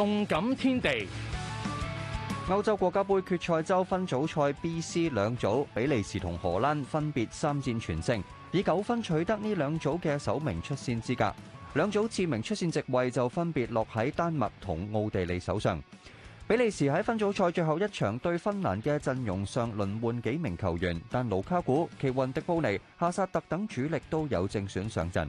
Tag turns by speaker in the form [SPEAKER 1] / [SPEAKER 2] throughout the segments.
[SPEAKER 1] 動感天地，歐洲國家盃決賽周分組賽 B、C 兩組，比利時同荷蘭分別三戰全勝，以九分取得呢兩組嘅首名出線資格。兩組次名出線席位就分別落喺丹麥同奧地利手上。比利時喺分組賽最後一場對芬蘭嘅陣容上輪換幾名球員，但盧卡古、奇雲迪布尼、夏薩特等主力都有正選上陣。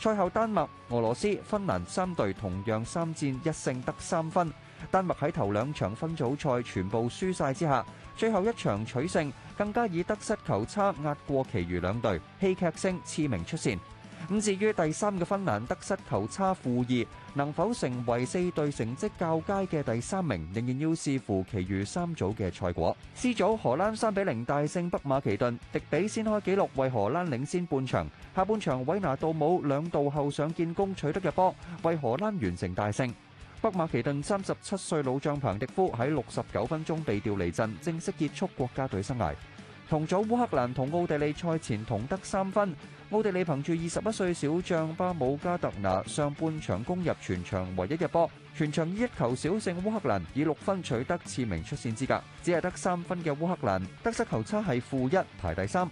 [SPEAKER 1] 賽後，丹麥、俄羅斯、芬蘭三隊同樣三戰一勝得三分。丹麥喺頭兩場分組賽全部輸晒之下，最後一場取勝，更加以得失球差壓過其餘兩隊，戲劇性次名出線。咁至於第三個芬蘭得失球差負二，能否成為四隊成績較佳嘅第三名，仍然要視乎其餘三組嘅賽果。C 組荷蘭三比零大勝北馬其頓，迪比先開紀錄，為荷蘭領先半場。下半場韋拿杜姆兩度後上建功，取得入波，為荷蘭完成大勝。北馬其頓三十七歲老將彭迪夫喺六十九分鐘被調離陣，正式結束國家隊生涯。同組烏克蘭同奧地利賽前同得三分，奧地利憑住二十一歲小將巴姆加特拿上半場攻入全場唯一入波，全場以一球小勝烏克蘭，以六分取得次名出線資格。只係得三分嘅烏克蘭得失球差係負一，排第三。